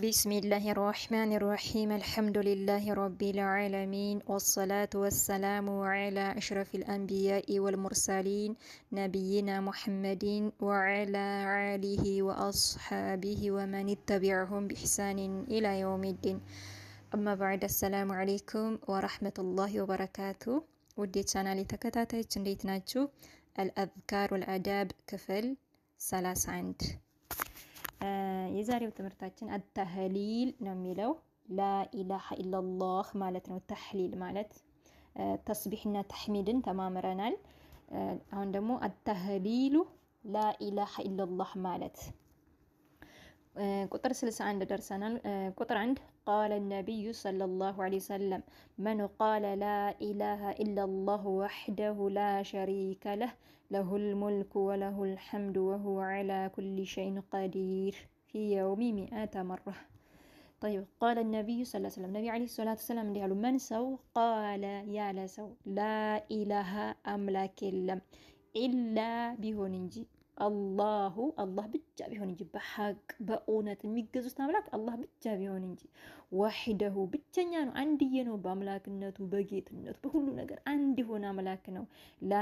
بسم الله الرحمن الرحيم الحمد لله رب العالمين والصلاة والسلام على أشرف الأنبياء والمرسلين نبينا محمد وعلى آله وأصحابه ومن اتبعهم بإحسان إلى يوم الدين أما بعد السلام عليكم ورحمة الله وبركاته ودي تشانالي لتكتاتي تنديت الأذكار والآداب كفل سلاس عند የዛሬው ትምህርታችን አተህሊል ነው የሚለው ላኢላሃ ኢለላህ ማለት ነው። ተህሊል ማለት ተስቢሕና ተሕሚድን ተማምረናል። አሁን ደግሞ አተህሊሉ ላኢላሃ ኢለላህ ማለት كتر سلسة عند درسنا كتر عند قال النبي صلى الله عليه وسلم من قال لا إله إلا الله وحده لا شريك له له الملك وله الحمد وهو على كل شيء قدير في يوم مئة مرة طيب قال النبي صلى الله عليه وسلم النبي عليه الصلاة والسلام قال من سو قال يا لسو لا إله أملك إلا إلا به ننجي አላሁ አላህ ብቻ ቢሆን እንጂ በሀቅ በእውነት የሚገዙት አምላክ አላህ ብቻ ቢሆን እንጂ ዋሂደሁ ብቸኛ ነው፣ አንድዬ ነው። በአምላክነቱ በጌትነቱ በሁሉ ነገር አንድ የሆነ አምላክ ነው። ላ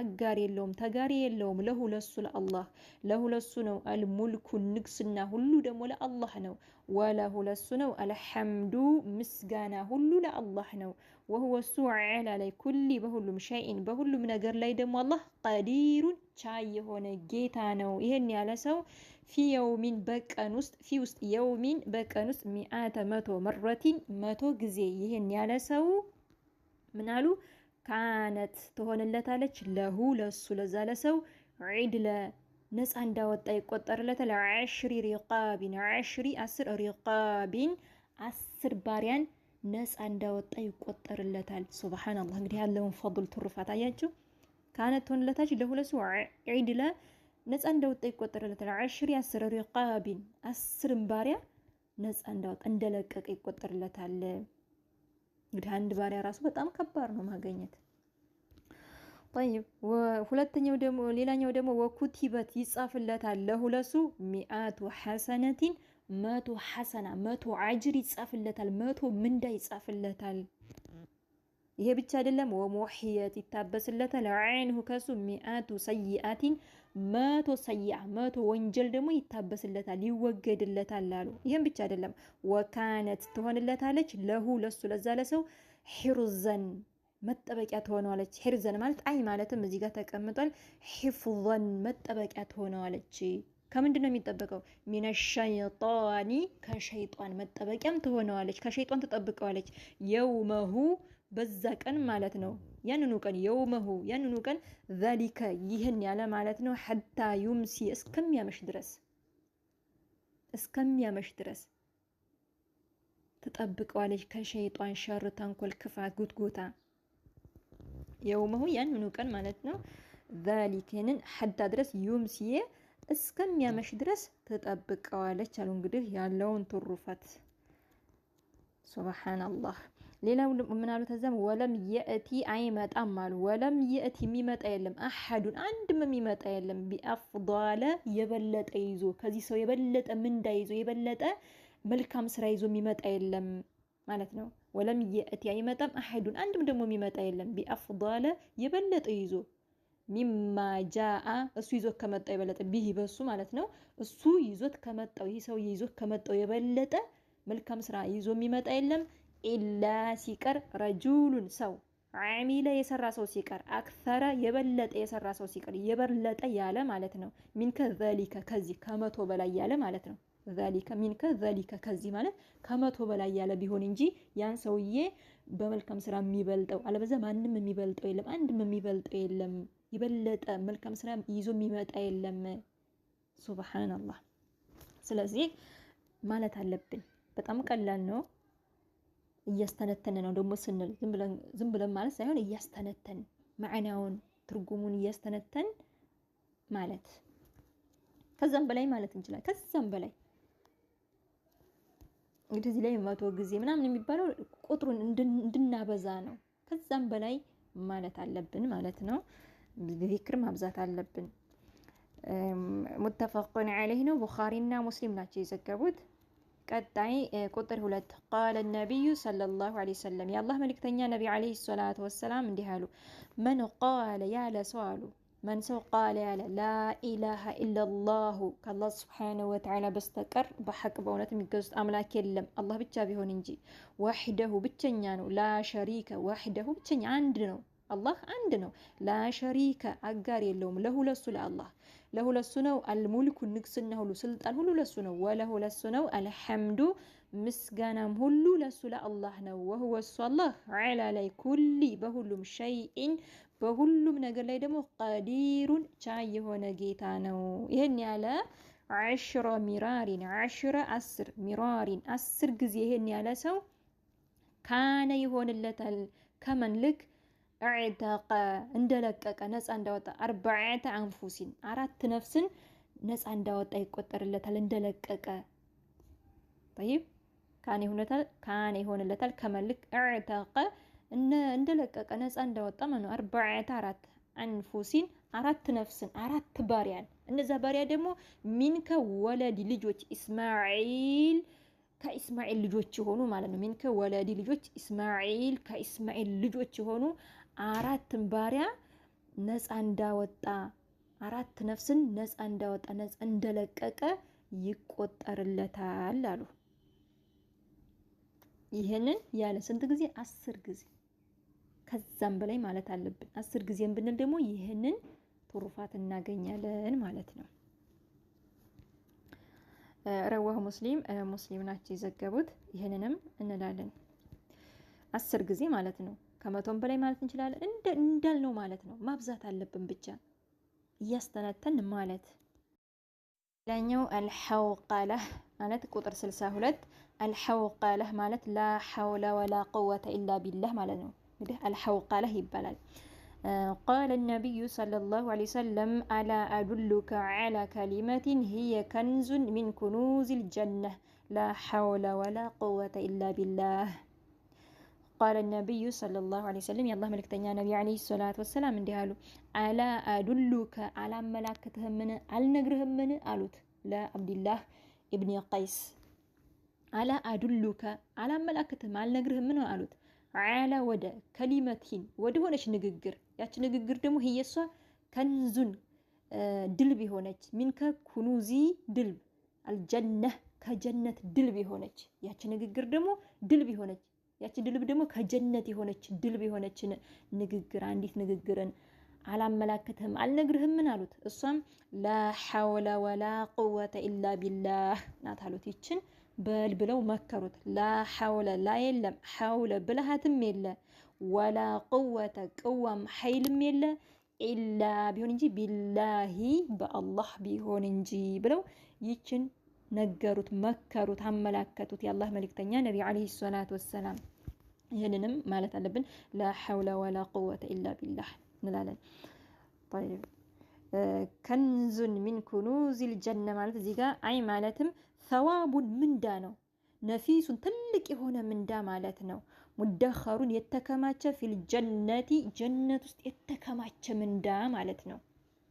አጋር የለውም፣ ተጋሪ የለውም። ለሁለሱ ለአላህ ለሁለሱ ነው። አልሙልኩ ንግስና ሁሉ ደግሞ ለአላህ ነው። ወለሁለሱ ነው። አልሐምዱ ምስጋና ሁሉ ለአላህ ነው። ወሁወ እሱ ዐላ ላይ ኩሊ በሁሉም ሸይን በሁሉም ነገር ላይ ደግሞ አላህ ቀዲሩን ቻይ የሆነ ጌታ ነው። ይህን ያለ ሰው ፊ የውሚን በቀን ውስጥ ፊ ውስጥ የውሚን በቀን ውስጥ ሚአተ መቶ መረቲን መቶ ጊዜ ይህን ያለ ሰው ምናሉ ካነት ትሆንለታለች ለሁ ለሱ ለዛ ለሰው ዒድለ ነፃ እንዳወጣ ይቆጠርለታል። ዐሽሪ ሪቃቢን ዐሽሪ አስር ሪቃቢን አስር ባሪያን ነፃ እንዳወጣ ይቆጠርለታል። ሱብሓነላህ እንግዲህ ያለውን ፈዱል ትሩፋት አያችሁ። ካነት ትሆንለታች ለሁ ለሱ ዒድለ ነፃ እንዳወጣ ይቆጠርለታል። አሽር አስር ሪቃቢን አስርን ባሪያ ነፃ እንዳወጣ እንደለቀቀ ይቆጠርለታል። እንግዲህ አንድ ባሪያ ራሱ በጣም ከባድ ነው ማገኘት። ጠይብ ሁለተኛው ደግሞ ሌላኛው ደግሞ ወኩቲበት ይጻፍለታል ለሁለሱ ሚአቱ ሐሰነቲን መቶ ሐሰና መቶ አጅር ይጻፍለታል። መቶ ምንዳ ይጻፍለታል። ይሄ ብቻ አይደለም። ወሞሕየት ይታበስለታል። ዓይንሁ ከሱ ሚአቱ ሰይአቲን መቶ ሰያ መቶ ወንጀል ደግሞ ይታበስለታል፣ ይወገድለታል አሉ። ይህም ብቻ አይደለም ወካነት ትሆንለታለች ለሁ ለሱ ለዛ ለሰው ሒርዘን መጠበቂያ ትሆነዋለች። ሒርዘን ማለት አይ ማለትም እዚህ ጋር ተቀምጧል። ሒፍዘን መጠበቂያ ትሆነዋለች። ከምንድን ነው የሚጠበቀው? ሚነ ሸይጣኒ ከሸይጣን መጠበቂያም ትሆነዋለች። ከሸይጣን ትጠብቀዋለች። የውመሁ በዛ ቀን ማለት ነው ያንኑ ቀን የውመሁ ያንኑ ቀን ዛሊከ ይህን ያለ ማለት ነው። ሐታ ዩምሲ እስከሚያመሽ ድረስ እስከሚያመሽ ድረስ ትጠብቀዋለች ከሸይጧን ሸር፣ ተንኮል፣ ክፋት፣ ጉትጎታ የውመሁ ያንኑ ቀን ማለት ነው። ዛሊከንን ሐታ ድረስ ዩምሲ እስከሚያመሽ ድረስ ትጠብቀዋለች አሉ። እንግዲህ ያለውን ትሩፋት ሱብሃነላህ ሌላው ምን አሉ? ወለም የእቲ አይመጣም አሉ። ወለም የእቲ የሚመጣ የለም አሐዱን አንድም የሚመጣ የለም ቢአፍዳለ የበለጠ ይዞ ከዚህ ሰው የበለጠ ምንዳ ይዞ የበለጠ መልካም ስራ ይዞ የሚመጣ የለም ማለት ነው። ወለም የእቲ አይመጣም አሐዱን አንድም ደግሞ የሚመጣ የለም ቢአፍዳለ የበለጠ ይዞ ሚማ ጃአ እሱ ይዞት ከመጣው የበለጠ ቢህ በሱ ማለት ነው። እሱ ይዞት ከመጣው ይህ ሰውዬ ይዞት ከመጣው የበለጠ መልካም ስራ ይዞ የሚመጣ የለም። ኢላ ሲቀር ረጁሉን ሰው አሚለ የሰራ ሰው ሲቀር አክፈረ የበለጠ የሰራ ሰው ሲቀር የበለጠ ያለ ማለት ነው። ሚንከ ዘሊከ ከዚህ ከመቶ በላይ ያለ ማለት ነው። ዘሊከ ሚንከ ዘሊከ ከዚህ ማለት ከመቶ በላይ ያለ ቢሆን እንጂ ያን ሰውዬ በመልካም ስራ የሚበልጠው አለበዛ ማንም የሚበልጠው የለም፣ አንድም የሚበልጠው የለም። የበለጠ መልካም ስራ ይዞ የሚመጣ የለም። ሱብሃነላህ። ስለዚህ ማለት አለብን። በጣም ቀላል ነው። እያስተነተነ ነው ደግሞ ስንል ዝም ብለን ማለት ሳይሆን እያስተነተን ማዕናውን ትርጉሙን እያስተነተን ማለት ከዛም በላይ ማለት እንችላለን። ከዛም በላይ እንግዲህ እዚህ ላይ መቶ ጊዜ ምናምን የሚባለው ቁጥሩን እንድናበዛ ነው። ከዛም በላይ ማለት አለብን ማለት ነው። ዚክር ማብዛት አለብን። ሙተፈቁን ዐለይህ ነው። ቡኻሪና ሙስሊም ናቸው የዘገቡት። ቀጣይ ቁጥር ሁለት ቃለ ነቢዩ ሰለላሁ ዐለይሂ ወሰለም የአላህ መልእክተኛ ነቢ ዐለይሂ ሰላቱ ወሰላም እንዲህ አሉ። መን ቃለ ያለ ሰው አሉ መን ሰው ቃለ ያለ ላኢላሃ ኢለላሁ ከአላህ ስብሓነሁ ወተዓላ በስተቀር በሐቅ በእውነት የሚገዙት አምላክ የለም አላህ ብቻ ቢሆን እንጂ ወሕደሁ ብቸኛ ነው። ላሸሪከ ሸሪከ ወሕደሁ ብቸኛ አንድ ነው። አላህ አንድ ነው፣ ላሸሪከ አጋር የለውም። ለሁለሱ ለአላህ ለሁለሱ ነው። አልሙልኩ ንግስና ሁሉ ስልጣን ሁሉ ለሱ ነው። ወለሁለሱ ነው። አልሐምዱ ምስጋናም ሁሉ ለሱ ለአላህ ነው። ወሁወ እሱ አላህ ዐላ ላይ ኩሊ በሁሉም ሸይኢን በሁሉም ነገር ላይ ደግሞ ቀዲሩን ቻይ የሆነ ጌታ ነው። ይህን ያለ ዐሽረ ሚራሪን ዐሽረ አስር ሚራሪን አስር ጊዜ ይህን ያለ ሰው ካነ ይሆንለታል ከመን ዕተቀ እንደለቀቀ ነፃ እንዳወጣ አርባዕተ አንፉሲን አራት ነፍስን ነፃ እንዳወጣ ይቆጠርለታል። እንደለቀቀ ጠይብ ካነ ይሆንለታል። ከመልክ ዕተቀ እንደለቀቀ ነፃ እንዳወጣ ማነው አርባዕተ አራት አንፉሲን አራት ነፍስን አራት ባሪያን እነዛ ባሪያ ደግሞ ሚንከ ወለዲ ልጆች ኢስማዒል ከኢስማኤል ልጆች የሆኑ ማለት ነው። ሚንከ ወለዲ ልጆች ኢስማኤል ከኢስማኤል ልጆች የሆኑ አራትን ባሪያ ነፃ እንዳወጣ አራት ነፍስን ነፃ እንዳወጣ ነፃ እንደለቀቀ ይቆጠርለታል አሉ። ይህንን ያለ ስንት ጊዜ? አስር ጊዜ ከዛም በላይ ማለት አለብን። አስር ጊዜም ብንል ደግሞ ይህንን ትሩፋት እናገኛለን ማለት ነው። ረዋህ ሙስሊም ሙስሊም ናቸው የዘገቡት። ይህንንም እንላለን አስር ጊዜ ማለት ነው። ከመቶም በላይ ማለት እንችላለን እንዳልነው ማለት ነው። ማብዛት አለብን ብቻ እያስተነተን ማለት ሌላኛው አልሐውቃላ ማለት ቁጥር 62 አልሐውቃላ ማለት ላ ሐውለ ወላ ቁወተ ኢላ ቢላህ ማለት ነው። እንግዲህ አልሐውቃላ ይባላል። ቃለ ነቢዩ ሰለላሁ ዐለይሂ ወሰለም አላ አዱሉከ ዐላ ከሊመቲን ሂየ ከንዙን ሚን ኩኑዚል ጀነህ ላ ሐውለ ወላ ቁወተ ኢላ ቢላህ ቃለ ነቢዩ ሰለላሁ ዐለይሂ ወሰለም የአላህ መልክተኛ ነቢ ዐለይሂ ሰላት ወሰላም እንዲህ አሉ። አላ አዱሉከ አላመላክትህምን አልነግርህምን አሉት ለአብድላህ ኢብኒ ቀይስ። አላ አዱሉከ አላመላክትህም አልነግርህምን አሉት። አላ ወደ ከሊመቲን ወደ ሆነች ንግግር ያች ንግግር ደግሞ ህየሷ ከንዙን ድልብ የሆነች ሚንከ ኩኑዚ ድልብ አልጀነህ ከጀነት ድልብ የሆነች ያች ንግግር ደግሞ ድልብ የሆነች ያቺ ድልብ ደግሞ ከጀነት የሆነች ድልብ የሆነችን ንግግር አንዲት ንግግርን አላመላክትህም አልነግርህምን አሉት። እሷም ላሐውለ ወላ ቁወተ ኢላ ቢላህ ናት አሉት። ይችን በል ብለው መከሩት። ላሐውለ ላ የለም ሐውለ ብልሃትም የለ ወላ ቁወተ ቅዋም ኃይልም የለ ኢላ ቢሆን እንጂ ቢላሂ በአላህ ቢሆን እንጂ ብለው ይችን ነገሩት፣ መከሩት፣ አመላከቱት የአላህ መልእክተኛ ነቢ ዓለይሂ ሰላቱ ወሰላም። ይህንንም ማለት አለብን ላ ሐውለ ወላ ቁወተ ኢላ ቢላህ እንላለን። ከንዙን ሚን ኩኑዚል ጀነ ማለት እዚህ ጋር አይ ማለትም ሰዋቡን ምንዳ ነው ነፊሱን ትልቅ የሆነ ምንዳ ማለት ነው። ሙደኸሩን የተከማቸ ፊል ጀነት ውስጥ የተከማቸ ምንዳ ማለት ነው።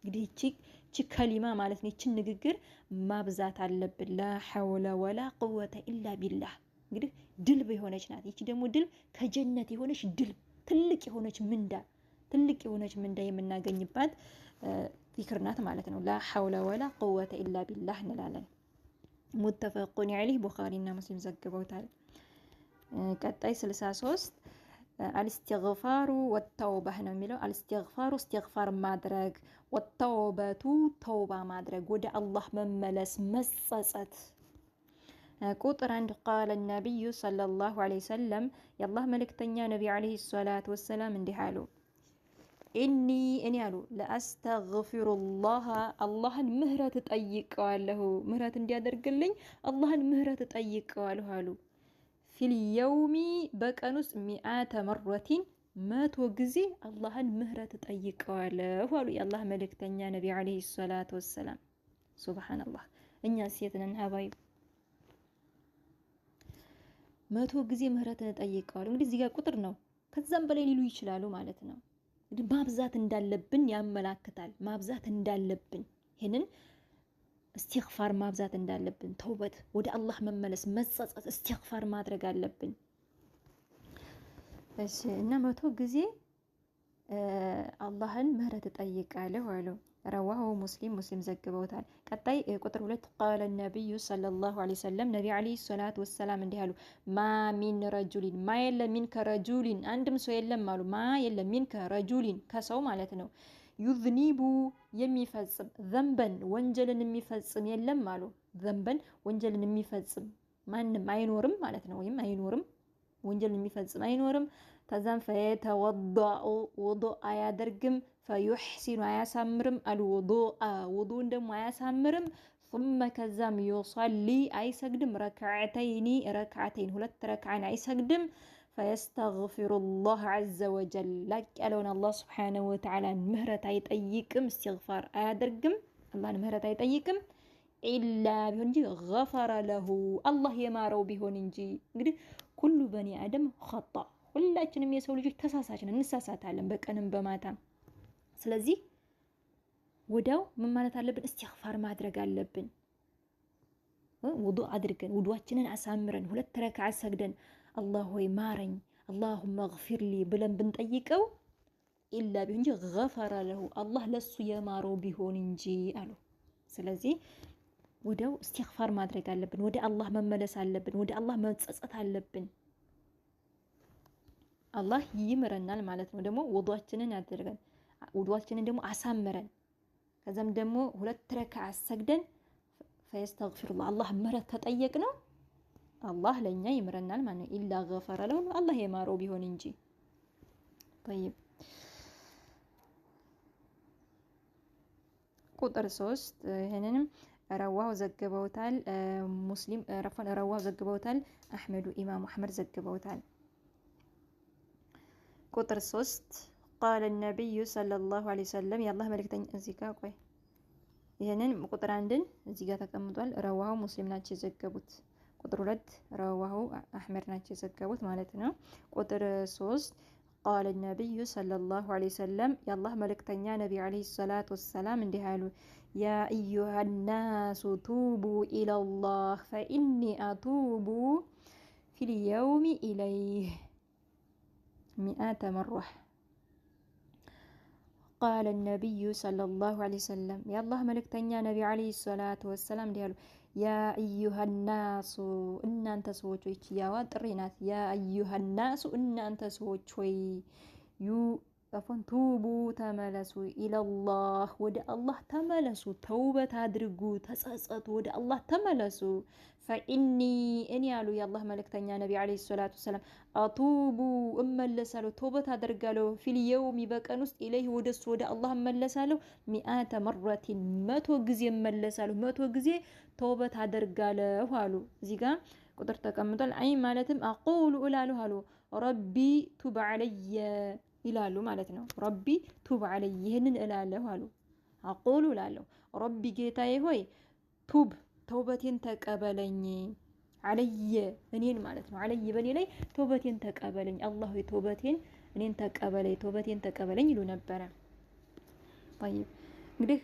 እንግዲህ ይቺ ከሊማ ማለት ነው። ይችን ንግግር ማብዛት አለብን። ላ ወላ ቁወተ ኢላ ቢላህ። እንግዲህ ድልብ የሆነች ናት። ይቺ ደግሞ ድልብ ከጀነት የሆነች ድልብ፣ ትልቅ የሆነች ምንዳ፣ ትልቅ የሆነች ምንዳ የምናገኝባት ዚክር ናት ማለት ነው። ላ ወላ ቁወተ ኢላ ቢላህ እንላለን። ሙተፈቁን ዐለይህ ቡኻሪና ሙስሊም ዘግበውታል። ቀጣይ 63 አልስቲግፋሩ ወተውባህ ነው የሚለው። አልስትግፋሩ እስትግፋር ማድረግ፣ ወተውበቱ ተውባ ማድረግ፣ ወደ አላህ መመለስ መጸጸት። ቁጥር አንድ ቃለ ነቢዩ ሰለላሁ ዐለይሂ ወሰለም የአላህ መልእክተኛ ነቢ ዐለይሂ ሰላቱ ወሰላም እንዲህ አሉ። ኢኒ እኔ አሉ ለአስተግፊሩላህ አላህን ምህረት እጠይቀዋለሁ፣ ምህረት እንዲያደርግልኝ አላህን ምህረት እጠይቀዋለሁ አሉ ፊልየውሚ በቀን ውስጥ ሚአተ መረቲን መቶ ጊዜ አላህን ምህረት ጠይቀዋለሁ አሉ የአላህ መልእክተኛ ነቢ ዓለይሂ ሰላቱ ወሰላም። ሱብሃነላህ እኛ ሴት ነን ሀባይ መቶ ጊዜ ምህረትን ጠይቀዋለሁ። እንግዲህ እዚህ ጋር ቁጥር ነው፣ ከዛም በላይ ሊሉ ይችላሉ ማለት ነው። እንግዲህ ማብዛት እንዳለብን ያመላክታል። ማብዛት እንዳለብን ይህንን እስትግፋር ማብዛት እንዳለብን፣ ተውበት ወደ አላህ መመለስ፣ መጸጸት፣ እስትግፋር ማድረግ አለብን። እሺ እና መቶ ጊዜ አላህን ምህረት እጠይቃለሁ አሉ። ረዋሁ ሙስሊም ሙስሊም ዘግበውታል። ቀጣይ ቁጥር ሁለት ቃለ ነቢዩ ሰለላሁ ዐለይሂ ወሰለም ነቢ ዐለይሂ ሰላቱ ወሰላም እንዲህ አሉ። ማ ሚን ረጁሊን ማ የለም ሚን ከረጁሊን አንድም ሰው የለም አሉ። ማ የለም ሚን ከረጁሊን ከሰው ማለት ነው ዩዝኒቡ የሚፈጽም ዘንበን ወንጀልን የሚፈጽም የለም አሉ። ዘንበን ወንጀልን የሚፈጽም ማንም አይኖርም ማለት ነው። ወይም አይኖርም ወንጀልን የሚፈጽም አይኖርም። ተዛም ፈየተወዳኡ ውዱእ አያደርግም፣ ፈዩሕሲኑ አያሳምርም፣ አልውዱአ ውዱእን ደግሞ አያሳምርም። ሱመ ከዛም ዩሰሊ አይሰግድም፣ ረክዓተይኒ ረክዓተይን ሁለት ረክዓን አይሰግድም ፈየስተግፊሩላህ ዐዘ ወጀል ላቅ ያለውን አላህ ስብሓነሁ ወተዓላን ምህረት አይጠይቅም። እስትግፋር አያደርግም። አላህን ምህረት አይጠይቅም። ኢላ ቢሆን እንጂ ገፈረ ለሁ አላህ የማረው ቢሆን እንጂ። እንግዲህ ኩሉ በኒ አደም ኸጣ፣ ሁላችንም የሰው ልጆች ተሳሳች ነን፣ እንሳሳታለን በቀንም በማታ ስለዚህ ወዲያው ምን ማለት አለብን? እስትግፋር ማድረግ አለብን። ውዱእ አድርገን ውዱዋችንን አሳምረን ሁለት ረክዓ ሰግደን አላህ ሆይ ማረኝ፣ አላሁመ ግፊርሊ ብለን ብንጠይቀው ኢላ ቢሆን እንጂ ገፈረ ለሁ አላህ ለሱ የማረው ቢሆን እንጂ አሉ። ስለዚህ ወደው እስትግፋር ማድረግ አለብን። ወደ አላህ መመለስ አለብን። ወደ አላህ መጸጸት አለብን። አላህ ይምረናል ማለት ነው። ደግሞ ወዷችንን ያደርገን ወዷችንን ደግሞ አሳምረን ከዛም ደግሞ ሁለት ረካ አሰግደን ፈየስተግፊሩላህ አላህ ምህረት ከጠየቅ ነው አላህ ለእኛ ይምረናል ማለት ነው። ኢላ ገፈረ ለው አላህ የማረው ቢሆን እንጂ ጠይብ። ቁጥር ሶስት ይህንንም ረዋሁ ዘግበውታል ሙስሊም ረፋን ረዋሁ ዘግበውታል አሕመዱ ኢማሙ አሕመድ ዘግበውታል። ቁጥር ሶስት ቃለ ነቢዩ ሰለላሁ ዐለይሂ ወሰለም የአላህ መልእክተኛ እዚህ ጋር ቆይ ይህንን ቁጥር አንድን እዚህ ጋር ተቀምጧል። ረዋሁ ሙስሊም ናቸው የዘገቡት። قدر رد رواه أحمر ناتي زكاوت مالتنا قدر سوست قال النبي صلى الله عليه وسلم يا الله ملك تنيا نبي عليه الصلاة والسلام اندهالو يا أيها الناس توبوا إلى الله فإني أتوب في اليوم إليه مئات مرة قال النبي صلى الله عليه وسلم يا الله ملك تنيا نبي عليه الصلاة والسلام ያ አዩሃናሱ እናንተ ሰዎች ወይ ያዋ ጥሪ ናት። ያ አዩሃናሱ እናንተ ሰዎች ሆይ ዩ አፎን ቱቡ ተመለሱ፣ ኢለላህ ወደ አላህ ተመለሱ፣ ተውበት አድርጉ፣ ተጸጸቱ፣ ወደ አላህ ተመለሱ። ፈኢኒ እኔ ያሉ የአላህ መልእክተኛ ነቢ ዓለይሂ ሰላቱ ወሰላም አቱቡ እመለሳለሁ፣ ተውበት አደርጋለሁ፣ ፊል የውሚ በቀን ውስጥ ኢለይህ ወደሱ ወደ አላህ እመለሳለሁ፣ ሚአተ መረቲን መቶ ጊዜ እመለሳለሁ፣ መቶ ጊዜ ተውበት አደርጋለሁ አሉ። እዚህ ጋር ቁጥር ተቀምጧል። አይ ማለትም አቁሉ እላለሁ አሉ ረቢ ቱብ ዓለየ ይላሉ ማለት ነው። ረቢ ቱብ አለይ ይህንን እላለሁ አሉ። አቁሉ እላለሁ ረቢ ጌታዬ ሆይ ቱብ ተውበቴን ተቀበለኝ አለየ እኔን ማለት ነው። አለይ በኔ ላይ ተውበቴን ተቀበለኝ አላህ ሆይ ተውበቴን እኔን ተቀበለኝ ተውበቴን ተቀበለኝ ይሉ ነበረ። ጠይብ እንግዲህ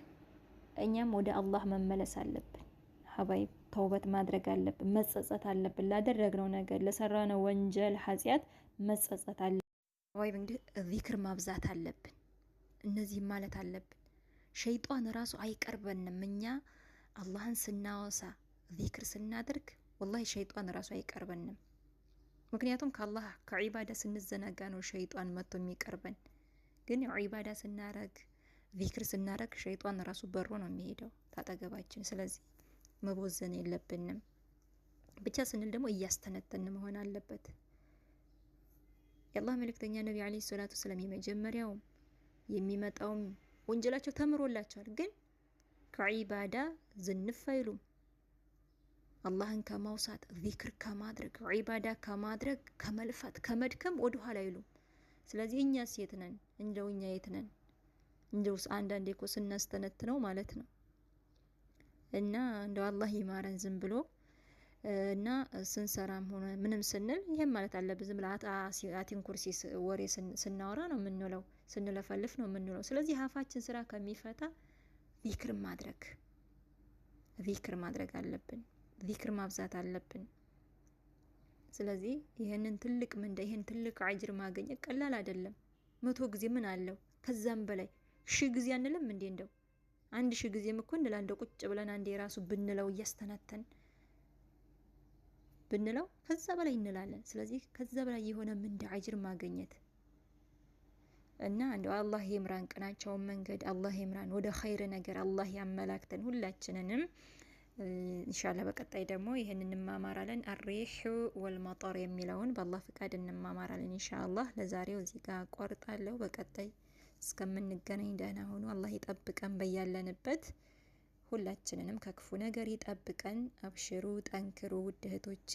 እኛም ወደ አላህ መመለስ አለብን። ሀባይ ተውበት ማድረግ አለብን። መጸጸት አለብን ላደረግነው ነገር፣ ለሰራነው ወንጀል ኃጢአት መጸጸት አለብን። ወይም እንግዲህ ዚክር ማብዛት አለብን። እነዚህም ማለት አለብን። ሸይጧን ራሱ አይቀርበንም። እኛ አላህን ስናወሳ ዚክር ስናደርግ ወላሂ ሸይጧን ራሱ አይቀርበንም። ምክንያቱም ከአላህ ከዒባዳ ስንዘናጋ ነው ሸይጧን መጥቶ የሚቀርበን። ግን ዒባዳ ስናረግ ዚክር ስናረግ ሸይጧን ራሱ በሮ ነው የሚሄደው ታጠገባችን። ስለዚህ መቦዘን የለብንም። ብቻ ስንል ደግሞ እያስተነተን መሆን አለበት። የአላህ መልእክተኛ ነቢ አለይሂ ሰላቱ ሰላም የመጀመሪያውም የሚመጣውም ወንጀላቸው ተምሮላቸዋል፣ ግን ከዒባዳ ዝንፍ አይሉም። አላህን ከማውሳት ዚክር ከማድረግ ዒባዳ ከማድረግ ከመልፋት ከመድከም ወደኋላ ኋላ አይሉም። ስለዚህ እኛ ሴት ነን እንደው እኛ የት ነን እንደውስ አንዳንዴ እኮ ስናስተነትነው ማለት ነው። እና እንደው አላህ ይማረን ዝም ብሎ እና ስንሰራም ሆነ ምንም ስንል ይህም ማለት አለብን። ዝም ብለህ አቲን ኩርሲ ወሬ ስናወራ ነው የምንውለው፣ ስንለፈልፍ ነው የምንውለው። ስለዚህ ሀፋችን ስራ ከሚፈታ ዚክር ማድረግ ዚክር ማድረግ አለብን። ዚክር ማብዛት አለብን። ስለዚህ ይህንን ትልቅ ምንዳ ይህን ትልቅ አጅር ማገኘት ቀላል አይደለም። መቶ ጊዜ ምን አለው ከዛም በላይ ሺ ጊዜ አንልም እንዴ? እንደው አንድ ሺ ጊዜም እኮ እንላለን። ቁጭ ብለን አንዴ የራሱ ብንለው እያስተናተን ብንለው ከዛ በላይ እንላለን። ስለዚህ ከዛ በላይ የሆነ ምንዳ አጅር ማገኘት እና እንደው አላህ ይምራን፣ ቅናቸውን መንገድ አላህ ይምራን፣ ወደ ኸይር ነገር አላህ ያመላክተን ሁላችንንም። ኢንሻአላህ በቀጣይ ደግሞ ይሄን እንማማራለን። አሪህ ወልመጠር የሚለውን በአላህ ፍቃድ እንማማራለን ኢንሻአላህ። ለዛሬው እዚህ ጋር አቋርጣለሁ። በቀጣይ እስከምንገናኝ ደህና ሆኑ። አላህ ይጠብቀን በያለንበት። ሁላችንንም ከክፉ ነገር ይጠብቀን። አብሽሩ፣ ጠንክሩ ውድ እህቶቼ፣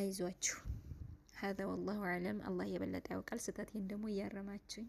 አይዟችሁ። ሀዛ ወላሁ አለም። አላህ የበለጠ ያውቃል። ስህተቴን ደግሞ እያረማችኝ